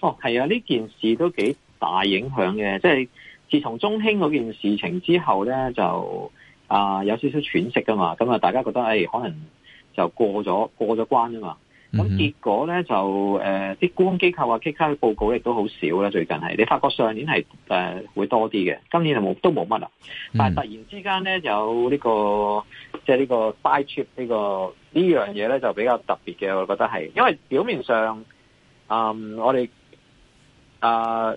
哦，係啊！呢件事都幾大影響嘅，即係自從中興嗰件事情之後咧，就啊、呃、有少少喘息噶嘛，咁啊大家覺得誒、哎、可能就過咗過咗關啊嘛，咁、嗯嗯、結果咧就誒啲、呃、官機構啊 K K 嘅報告亦都好少啦，最近係你發覺上年係誒、呃、會多啲嘅，今年就冇都冇乜啦，但係突然之間咧有、這個這個這個這個、呢個即係呢個 Buy Trip 呢個呢樣嘢咧就比較特別嘅，我覺得係因為表面上啊、嗯、我哋。誒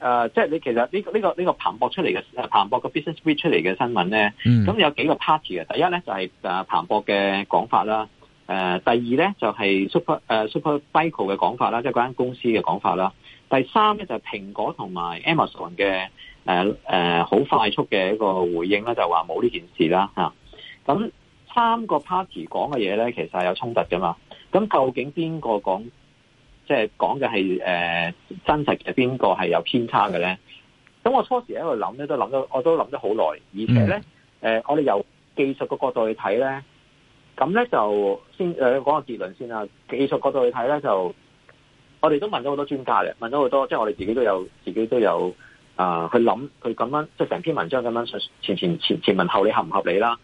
誒，即係你其實呢、這個呢、這個呢、這個彭博出嚟嘅誒彭博嘅 Businessweek 出嚟嘅新聞咧，咁、mm. 有幾個 party 嘅、就是呃。第一咧就係誒彭博嘅講法啦，誒第二咧就係 super 誒 Super Micro 嘅講法啦，即係嗰間公司嘅講法啦。第三咧就係、是、蘋果同埋 Amazon 嘅誒誒好快速嘅一個回應啦，就話冇呢件事啦吓。咁、啊、三個 party 講嘅嘢咧，其實係有衝突噶嘛。咁究竟邊個講？即係講嘅係誒，真實嘅邊個係有偏差嘅咧？咁我初時喺度諗咧，都諗咗我都諗咗好耐。而且咧，誒、嗯呃，我哋由技術嘅角度去睇咧，咁咧就先誒講、呃、個結論先啦。技術角度去睇咧，就我哋都問咗好多專家嘅，問咗好多，即係我哋自己都有，自己都有啊、呃、去諗，佢咁樣即係成篇文章咁樣前前前文後理，你合唔合理啦？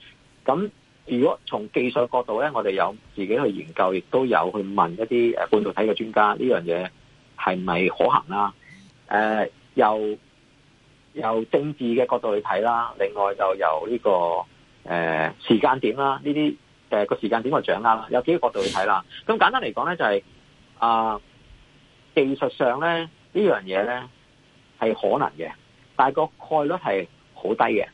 咁。如果從技術角度咧，我哋有自己去研究，亦都有去問一啲半導體嘅專家，呢樣嘢係咪可行啦？誒、呃，又由政治嘅角度去睇啦。另外就由呢、這個誒、呃、時間點啦，呢啲誒個時間點去掌握啦。有幾個角度去睇啦。咁簡單嚟講咧，就係、是、啊、呃、技術上咧呢樣嘢咧係可能嘅，但係個概率係好低嘅，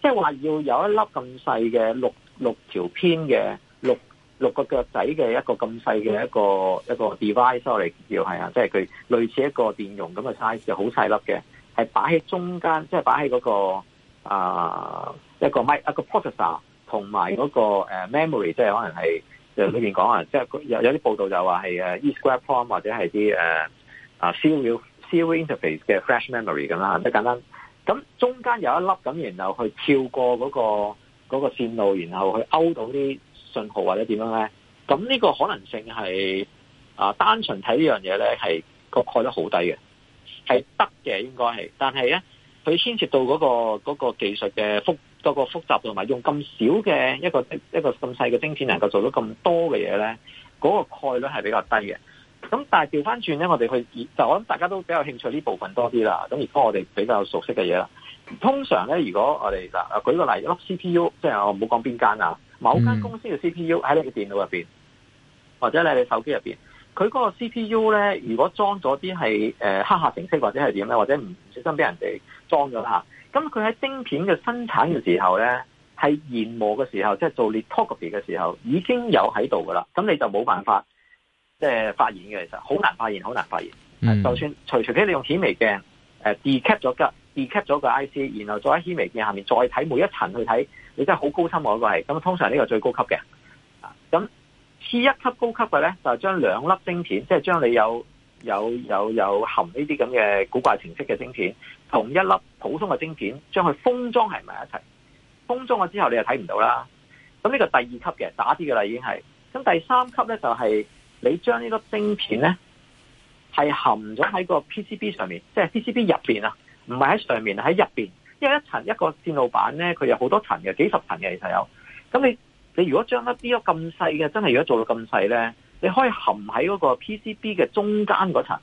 即係話要有一粒咁細嘅六。六條編嘅六六個腳仔嘅一個咁細嘅一個 一個 device 嚟叫係啊，即係佢類似一個電容咁嘅 size，就好細粒嘅，係擺喺中間，即係擺喺嗰個啊一個 mic 一個 processor 同埋嗰個 memory，即係可能係裏邊講啊，即係、 就是、有有啲報道就話係誒 e-square prom 或者係啲誒啊 serial serial interface 嘅 flash memory 咁啦，即、就、係、是、簡單。咁中間有一粒咁，然後去跳過嗰、那個。嗰、那個線路，然後去勾到啲信號或者點樣咧？咁呢個可能性係啊、呃，單純睇呢樣嘢咧，係個概率好低嘅，係得嘅應該係。但係咧，佢牽涉到嗰個嗰個技術嘅複嗰個複雜同埋用咁少嘅一個一個咁細嘅晶片，能夠做到咁多嘅嘢咧，嗰個概率係比較低嘅。咁但係調翻轉咧，我哋去就我諗大家都比較興趣呢部分多啲啦。咁而家我哋比較熟悉嘅嘢啦。通常咧，如果我哋嗱，舉個例子，一粒 C P U，即係我唔好講邊間啊，某間公司嘅 C P U 喺你嘅電腦入邊，或者你手機入邊，佢嗰個 C P U 咧，如果裝咗啲係誒黑客程式或者係點咧，或者唔小心俾人哋裝咗啦，咁佢喺晶片嘅生產嘅時候咧，係研磨嘅時候，即係做 lithography 嘅時候，已經有喺度噶啦，咁你就冇辦法即係、呃、發現嘅，其實好難發現，好難發現。嗯、就算隨隨機你用顯微鏡誒、呃、decap 咗噶。截咗個 IC，然後再喺顯微鏡下面再睇每一層去睇，你真係好高深，啊，我、那個係咁，通常呢個最高級嘅，咁次一級高級嘅咧就將、是、兩粒晶片，即係將你有有有有含呢啲咁嘅古怪程式嘅晶片，同一粒普通嘅晶片，將佢封裝喺埋一齊，封裝咗之後你就睇唔到啦。咁呢個第二級嘅打啲嘅啦已經係咁，第三級咧就係、是、你將呢粒晶片咧係含咗喺個 PCB 上面，即、就、係、是、PCB 入邊啊。唔係喺上面，喺入邊，因為一層一個線路板咧，佢有好多層嘅，幾十層嘅其實有。咁你你如果將一粒咁細嘅，真係如果做到咁細咧，你可以含喺嗰個 PCB 嘅中間嗰層，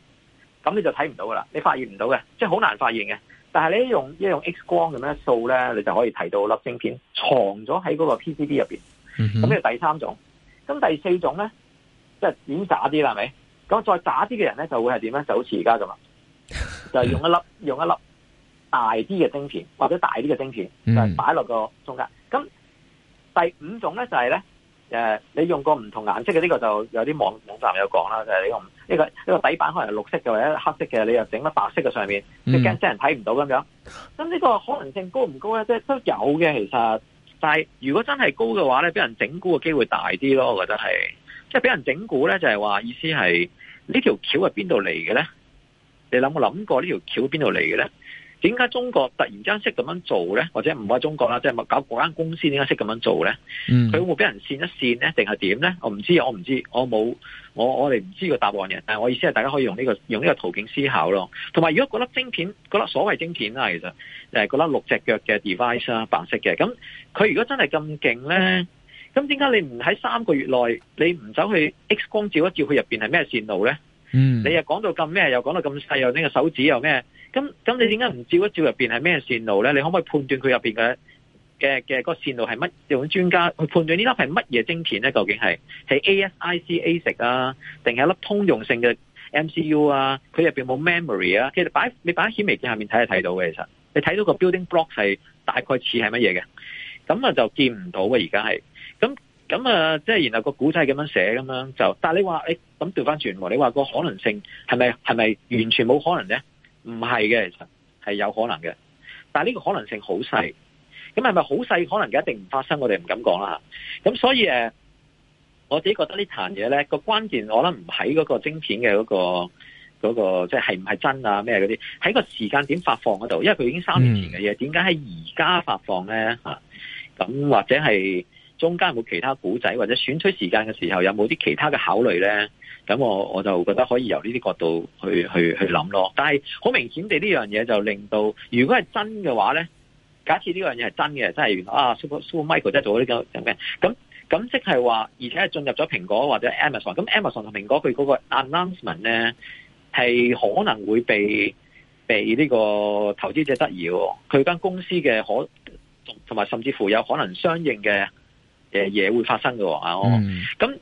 咁你就睇唔到噶啦，你發現唔到嘅，即係好難發現嘅。但係你用一用 X 光咁樣掃咧，你就可以睇到粒晶片藏咗喺嗰個 PCB 入邊。咁、嗯、呢第三種，咁第四種咧，即係點打啲啦？係咪？咁再打啲嘅人咧，就會係點咧？就好似而家咁啦，就係、用一粒， 用一粒。大啲嘅晶片或者大啲嘅晶片，就擺落個中間。咁、嗯、第五種咧就係、是、咧，誒、呃，你用過唔同顏色嘅呢、這個就有啲網網站有講啦，就係、是、你用呢、這個呢、這個底板可能係綠色嘅或者黑色嘅，你又整乜白色嘅上面，即係驚啲人睇唔到咁樣。咁呢個可能性高唔高咧？即係都有嘅，其實。但係如果真係高嘅話咧，俾人整蠱嘅機會大啲咯，我覺得係。即係俾人整蠱咧，就係、是、話意思係呢條橋係邊度嚟嘅咧？你諗冇諗過條呢條橋邊度嚟嘅咧？點解中國突然間識咁樣做咧？或者唔係中國啦，即係咪搞嗰間公司點解識咁樣做咧？佢、嗯、會俾人跣一跣咧，定係點咧？我唔知，我唔知，我冇，我我哋唔知個答案嘅。但係我意思係，大家可以用呢、這個用呢個途徑思考咯。同埋，如果嗰粒晶片，嗰粒所謂晶片啦，其實誒，嗰粒六隻腳嘅 device 啦、啊，白色嘅，咁佢如果真係咁勁咧，咁點解你唔喺三個月內，你唔走去 X 光照一照佢入邊係咩線路咧、嗯？你又講到咁咩，又講到咁細，又拎個手指又咩？咁咁，你點解唔照一照入邊係咩線路咧？你可唔可以判斷佢入邊嘅嘅嘅個線路係乜？用專家去判斷呢粒係乜嘢晶片咧？究竟係係 ASIC ASIC 啊，定係一粒通用性嘅 M C U 啊？佢入邊冇 memory 啊？其實擺你擺顯微鏡下面睇係睇到嘅，其實你睇到個 building block 係大概似係乜嘢嘅？咁啊就見唔到嘅，而家係咁咁啊，即係然後個古仔咁樣寫咁樣就，但係你話誒咁調翻轉，你話個可能性係咪係咪完全冇可能咧？唔係嘅，其實係有可能嘅，但係呢個可能性好細。咁係咪好細可能嘅？一定唔發生，我哋唔敢講啦。咁所以誒，我自己覺得呢壇嘢呢個關鍵，我諗唔喺嗰個晶片嘅嗰個嗰個，即係唔係真啊咩嗰啲，喺個時間點發放嗰度，因為佢已經三年前嘅嘢，點解喺而家發放呢？吓咁或者係。中間有冇其他故仔或者選取時間嘅時候有冇啲其他嘅考慮咧？咁我我就覺得可以由呢啲角度去去去諗咯。但係好明顯地呢樣嘢就令到，如果係真嘅話咧，假設呢樣嘢係真嘅，真係啊，Super Super Micro 真係做咗呢個嘅，咁咁即係話，而且係進入咗蘋果或者 Amazon。咁 Amazon 同蘋果佢嗰個 announcement 咧係可能會被被呢個投資者質疑的。佢間公司嘅可同埋甚至乎有可能相應嘅。嘢會發生嘅喎、啊，咁、嗯、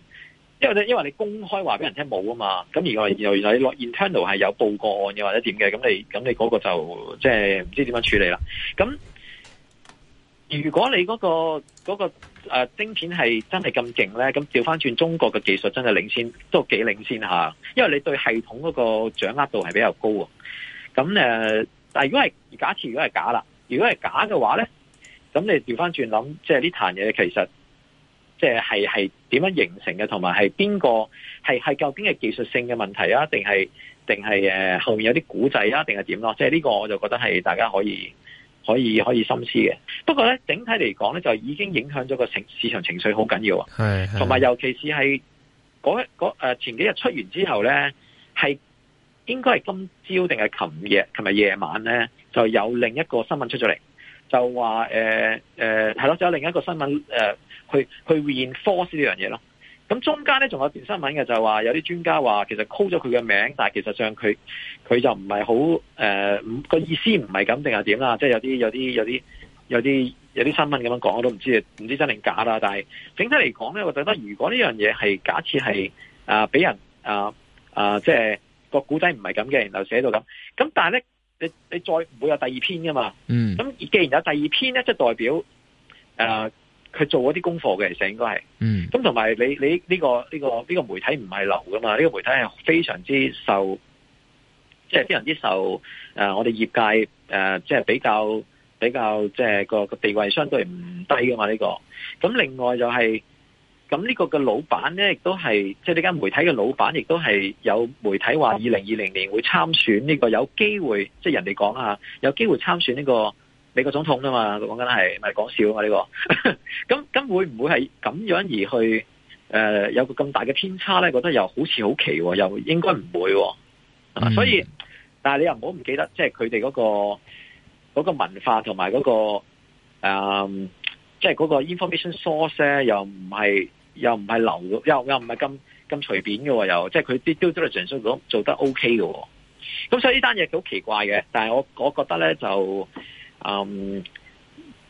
因，因為你公開話俾人聽冇㗎嘛，咁而後來原來原來你落 internal 係有報過案嘅或者點嘅，咁你咁你嗰個就即係唔知點樣處理啦。咁如果你嗰、嗰個嗰、嗰個誒、啊、晶片係真係咁勁呢，咁調返轉中國嘅技術真係領先，都幾領先下，因為你對系統嗰個掌握度係比較高啊。咁誒、呃，但係如果係假設如果係假啦，如果係假嘅話呢，咁你調返轉諗，即係呢壇嘢其實。即係係點樣形成嘅，同埋係邊個係係究竟係技術性嘅問題啊？定係定係誒後面有啲故仔啊？定係點咯？即係呢個我就覺得係大家可以可以可以深思嘅。不過咧，整體嚟講咧，就已經影響咗個情市場情緒好緊要啊。係同埋尤其是係嗰嗰前幾日出完之後咧，係應該係今朝定係琴日琴日夜晚咧，就有另一個新聞出咗嚟，就話誒誒係咯，就有另一個新聞誒。呃去去 reinforce 呢樣嘢咯，咁中間咧仲有段新聞嘅就係話有啲專家話其實 call 咗佢嘅名，但係其實上佢佢就唔係好誒，個、呃、意思唔係咁定係點啦，即係、就是、有啲有啲有啲有啲有啲新聞咁樣講，我都唔知唔知真定假啦。但係整體嚟講咧，我覺得如果呢樣嘢係假設係啊俾人啊啊即係個古仔唔係咁嘅，然後寫到咁，咁但係咧你你再唔會有第二篇噶嘛？嗯，咁既然有第二篇咧，即係代表誒。呃佢做嗰啲功課嘅，其實應該係，咁同埋你你呢個呢個呢個媒體唔係流噶嘛，呢個媒體係非常之受，即係非常之受，誒我哋業界誒即係比較比較即係個個地位相對唔低噶嘛呢個。咁另外就係，咁呢個嘅老闆咧亦都係，即係呢間媒體嘅老闆亦都係有媒體話二零二零年會參選呢個有機會，即係人哋講啊，有機會參選呢個。美國總統啊嘛，講緊係咪講笑啊嘛？呢、這個咁咁 會唔會係咁樣而去？誒、呃，有個咁大嘅偏差咧？覺得又好似好奇、哦，又應該唔會、哦嗯。所以，但係你又唔好唔記得，即係佢哋嗰個、那個文化同埋嗰個誒，即係嗰個 information source 咧，又唔係又唔係流又又唔係咁咁隨便嘅，又即係佢啲 due diligence 做得做得 OK 嘅、哦。咁所以呢單嘢好奇怪嘅，但係我我覺得咧就。嗯，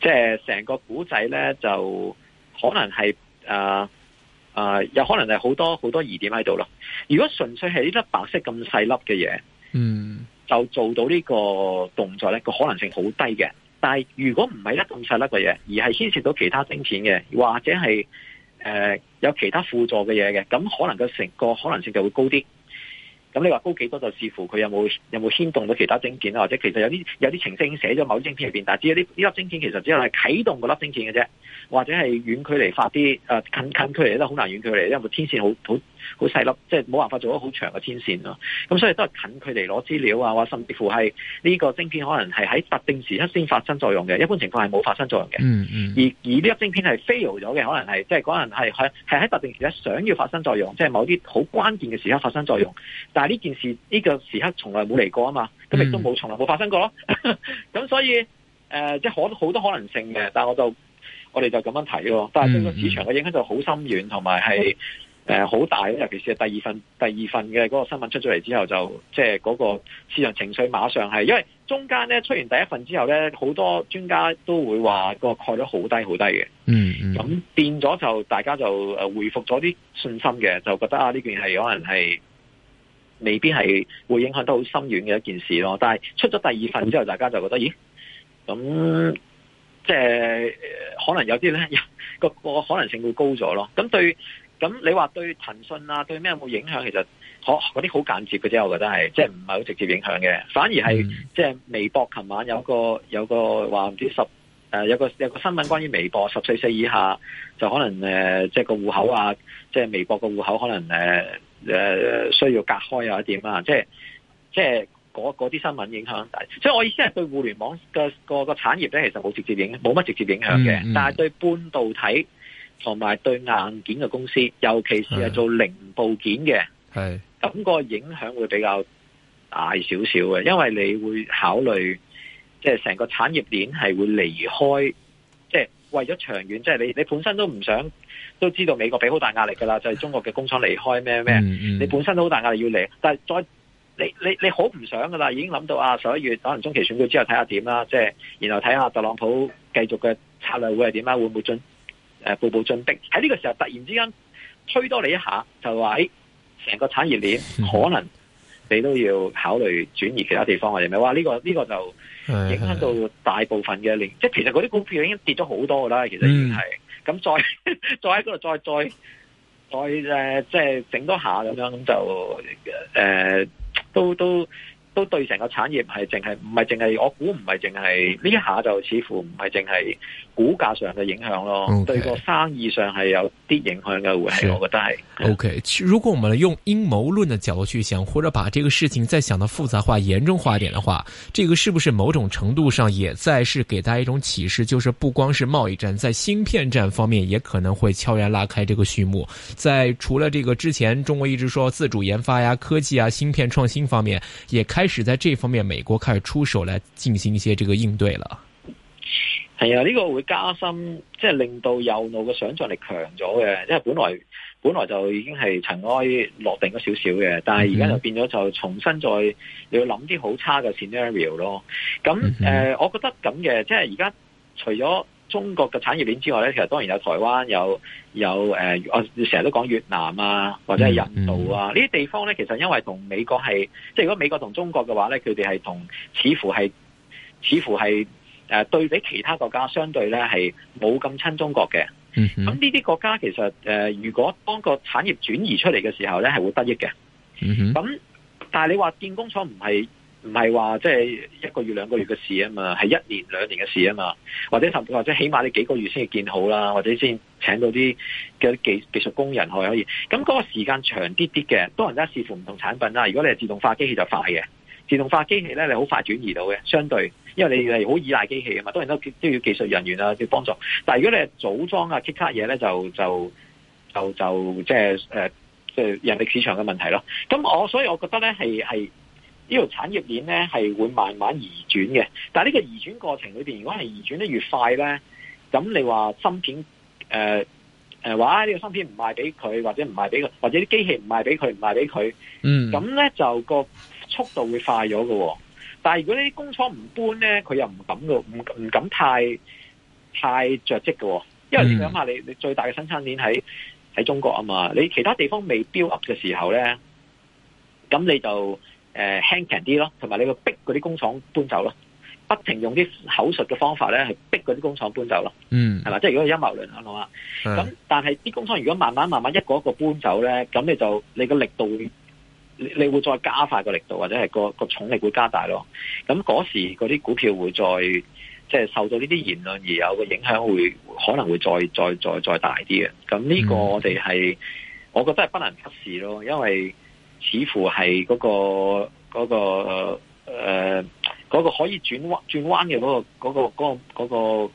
即係成個古仔咧，就可能係誒誒，有、呃呃、可能係好多好多疑點喺度咯。如果純粹係呢粒白色咁細粒嘅嘢，嗯，就做到呢個動作咧，個可能性好低嘅。但係如果唔係一咁細粒嘅嘢，而係牽涉到其他晶片嘅，或者係誒、呃、有其他輔助嘅嘢嘅，咁可能佢成個可能性就會高啲。咁你話高幾多就視乎佢有冇有冇牽動到其他晶片啦，或者其實有啲有啲程式已經寫咗某啲晶片入邊，但係只有啲呢粒晶片其實只係啟動嗰粒晶片嘅啫，或者係遠距離發啲誒近近距離都好難遠距離，因為天線好好。好細粒，即係冇辦法做咗好長嘅天線咯、啊。咁所以都係近距離攞資料啊，或甚至乎係呢個晶片，可能係喺特定時刻先發生作用嘅，一般情況係冇發生作用嘅。嗯嗯。而而呢粒晶片係 fail 咗嘅，可能係即係可能係喺係喺特定時刻想要發生作用，即、就、係、是、某啲好關鍵嘅時刻發生作用。但係呢件事呢、這個時刻從來冇嚟過啊嘛，咁亦都冇從來冇發生過咯。咁 所以誒、呃，即係可好多可能性嘅。但係我就我哋就咁樣睇咯。但係個市場嘅影響就好深遠，同埋係。嗯嗯誒、呃，好大，尤其是第二份第二份嘅嗰個新聞出咗嚟之後就，就即係嗰個市場情緒馬上係，因為中間咧出完第一份之後咧，好多專家都會話個概率好低好低嘅。嗯,嗯，咁變咗就大家就誒回復咗啲信心嘅，就覺得啊呢件係可能係未必係會影響得好深遠嘅一件事咯。但係出咗第二份之後，大家就覺得咦，咁即係可能有啲咧個個可能性會高咗咯。咁對。咁你話對騰訊啊，對咩有冇影響？其實嗰啲好間接嘅啫，我覺得係，即係唔係好直接影響嘅。反而係即係微博，琴晚有個有個話唔知十、呃、有個有個新聞關於微博十四歲四以下就可能即係、呃即係、個戶口啊，即、就、係、是、微博個戶口可能、呃、需要隔開或者點啊，即係即係嗰啲新聞影響大。所以我意思係對互聯網嘅、嗰個、嗰個產業咧，其實冇直接影冇乜直接影響嘅，嗯嗯，但係對半導體。同埋對硬件嘅公司，尤其是係做零部件嘅，咁個影響會比較大少少嘅，因為你會考慮即係成個產業鏈係會離開，即係為咗長遠，即係你你本身都唔想，都知道美國俾好大壓力噶啦，就係中國嘅工廠離開咩咩， 你本身都好大壓力要嚟，但係再你你你好唔想噶啦，已經諗到啊十一月可能中期選舉之後睇下點啦，即係然後睇下特朗普繼續嘅策略會係點啦，會唔會進？誒，步步進逼，喺呢個時候突然之間推多你一下，就話誒，成、哎、個產業鏈可能你都要考慮轉移其他地方，或者咩？哇、這個，呢個呢個就影響到大部分嘅鏈，是是是即係其實嗰啲股票已經跌咗好多噶啦，嗯、其實已經係咁再再喺嗰度再再再誒，即係整多一下咁樣，咁就誒都都。都都對成個產業唔係淨係，唔係淨係，我估唔係淨係呢一下就似乎唔係淨係股價上嘅影響咯，okay, 對個生意上係有啲影響嘅會，我覺得係。O、okay, K，如果我們用陰謀論嘅角度去想，或者把這個事情再想得複雜化、嚴重化一點嘅話，這個是不是某種程度上也在是給大家一種啟示，就是不光是貿易戰，在芯片戰方面也可能會悄然拉開這個序幕。在除了這個之前，中國一直說自主研發呀、科技啊、芯片創新方面，也開始是在這方面，美國開始出手來進行一些這個應對了。係啊，呢、這個會加深，即、就、係、是、令到右腦嘅想象力強咗嘅，因為本來本來就已經係塵埃落定咗少少嘅，但係而家就變咗就重新再、mm -hmm. 你要諗啲好差嘅 scenario 咯。咁誒、mm -hmm. 呃，我覺得咁嘅，即係而家除咗中國嘅產業鏈之外咧，其實當然有台灣有有誒、呃，我成日都講越南啊，或者係印度啊，呢啲, mm-hmm, 地方咧，其實因為同美國係，即係如果美國同中國嘅話咧，佢哋係同似乎係，似乎係誒、呃、對比其他國家，相對咧係冇咁親中國嘅。咁呢啲國家其實誒、呃，如果當個產業轉移出嚟嘅時候咧，係會得益嘅。咁, mm-hmm, 但係你話建工廠唔係？唔係話即係一個月兩個月嘅事啊嘛，係一年兩年嘅事啊嘛，或者甚至或者起碼你幾個月先至見好啦，或者先請到啲嘅技技術工人可可以，咁嗰個時間長啲啲嘅。當然都視乎唔同產品啦。如果你係自動化機器就快嘅，自動化機器咧你好快轉移到嘅，相對因為你係好依賴機器啊嘛，當然都都要技術人員啊要幫助。但係如果你係組裝啊 c 卡嘢咧，就就就就即係誒即係人力市場嘅問題咯。咁我所以我覺得咧係係。呢條產業鏈咧係會慢慢移轉嘅，但係呢個移轉過程裏邊，如果係移轉得越快咧，咁你話芯片誒誒話呢個芯片唔賣俾佢，或者唔賣俾佢，或者啲機器唔賣俾佢，唔賣俾佢，嗯，咁咧就個速度會快咗㗎喎。但係如果呢啲工廠唔搬咧，佢又唔敢嘅，唔唔敢太太着迹㗎喎，因為你諗下，嗯，你你最大嘅生產鏈喺喺中國啊嘛，你其他地方未 build up 嘅時候咧，咁你就。誒，輕強啲咯，同埋你個逼嗰啲工廠搬走咯，不停用啲口述嘅方法咧，係逼嗰啲工廠搬走咯，嗯，係咪，即係如果係陰謀論啊嘛，咁但係啲工廠如果慢慢慢慢一個一個搬走咧，咁你就你個力度會，你你會再加快個力度，或者係、嗰個、嗰個重力會加大咯，咁嗰時嗰啲股票會再即係、就是、受到呢啲言論而有嘅影響，會可能會再再再再大啲嘅，咁呢個我哋係、嗯，我覺得係不能忽視咯，因為。似乎係嗰、那個嗰、那個誒，嗰、呃那個可以轉彎轉彎嘅嗰、那個嗰、那個嗰、那個、那個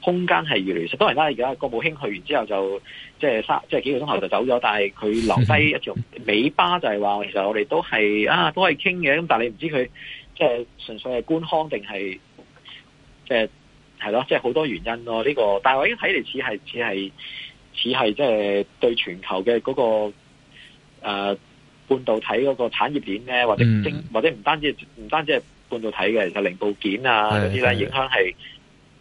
空間係越來越少。當然啦，而家郭步興去完之後就即係三即係幾個鐘頭就走咗，但係佢留低一種尾巴就是說，就係話其實我哋都係啊，都係傾嘅。咁但係你唔知佢即係純粹係官腔定係即係係咯，即係好多原因咯。呢、這個但係我已經睇嚟，似係似係似係即係對全球嘅嗰、那個誒。呃半導體嗰個產業鏈呢，或者或者唔單止唔單止係半導體嘅，其實零部件啊嗰啲咧，嗯、影響係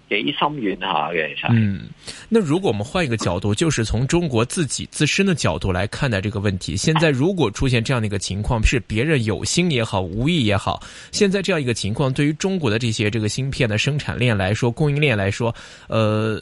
幾深遠下嘅。其實，嗯，那如果我們換一個角度，就是從中國自己自身的角度來看待這個問題。現在如果出現這樣的一個情況，是別人有心也好，無意也好，現在這樣一個情況，對於中國的這些這個芯片的生產鏈來說，供應鏈來說，呃。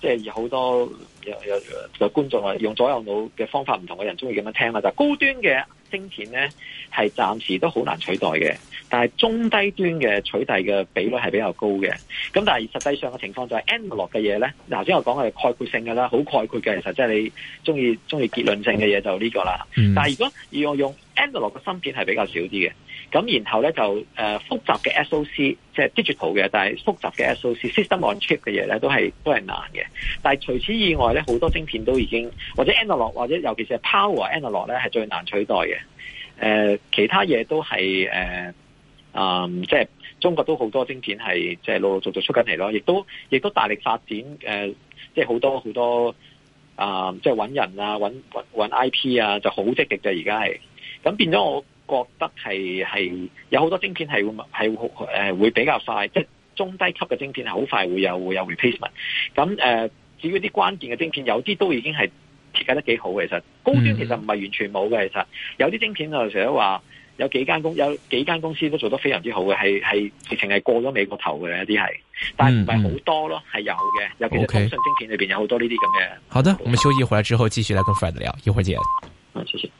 即係有好多有有有，有觀眾啊，用左右腦嘅方法唔同嘅人中意咁樣聽啦，就高端嘅芯片咧係暫時都好難取代嘅，但係中低端嘅取代嘅比率係比較高嘅。咁但係實際上嘅情況就係 Analog 嘅嘢咧，頭先我講係概括性嘅啦，好概括嘅,其實即係你中意中意結論性嘅嘢就呢個啦、嗯。但係如果要用 Analog 嘅芯片係比較少啲嘅。咁然後咧就誒複雜嘅 SOC 即係 digital 嘅，但係複雜嘅 SOC system on chip 嘅嘢咧都係都係難嘅。但係除此以外咧，好多晶片都已經或者 analog 或者尤其是係 power analog 咧係最難取代嘅。誒、呃、其他嘢都係誒啊，即、呃、係、嗯就是、中國都好多晶片係即係陸陸續續出緊嚟咯。亦都亦都大力發展誒，即係好多好多啊，即係揾人啊，揾揾揾 IP 啊，就好積極嘅。而家係咁變咗我。覺得係係有好多晶片係會係誒會、呃、會比較快，即係中低級嘅晶片係好快會有會有 replacement。咁、呃、誒，至於啲關鍵嘅晶片，有啲都已經係設計得幾好。嘅。其實高端其實唔係完全冇嘅，嗯，其實有啲晶片就成日話有幾間公有幾間公司都做得非常之好嘅，係係直情係過咗美國頭嘅一啲係，但係唔係好多咯，係、嗯、有嘅。尤其是通訊晶片裏邊有好多呢啲咁嘅。Okay. 好的，我們休息回來之後繼續來跟傅爾德聊，一會兒見。好，謝謝。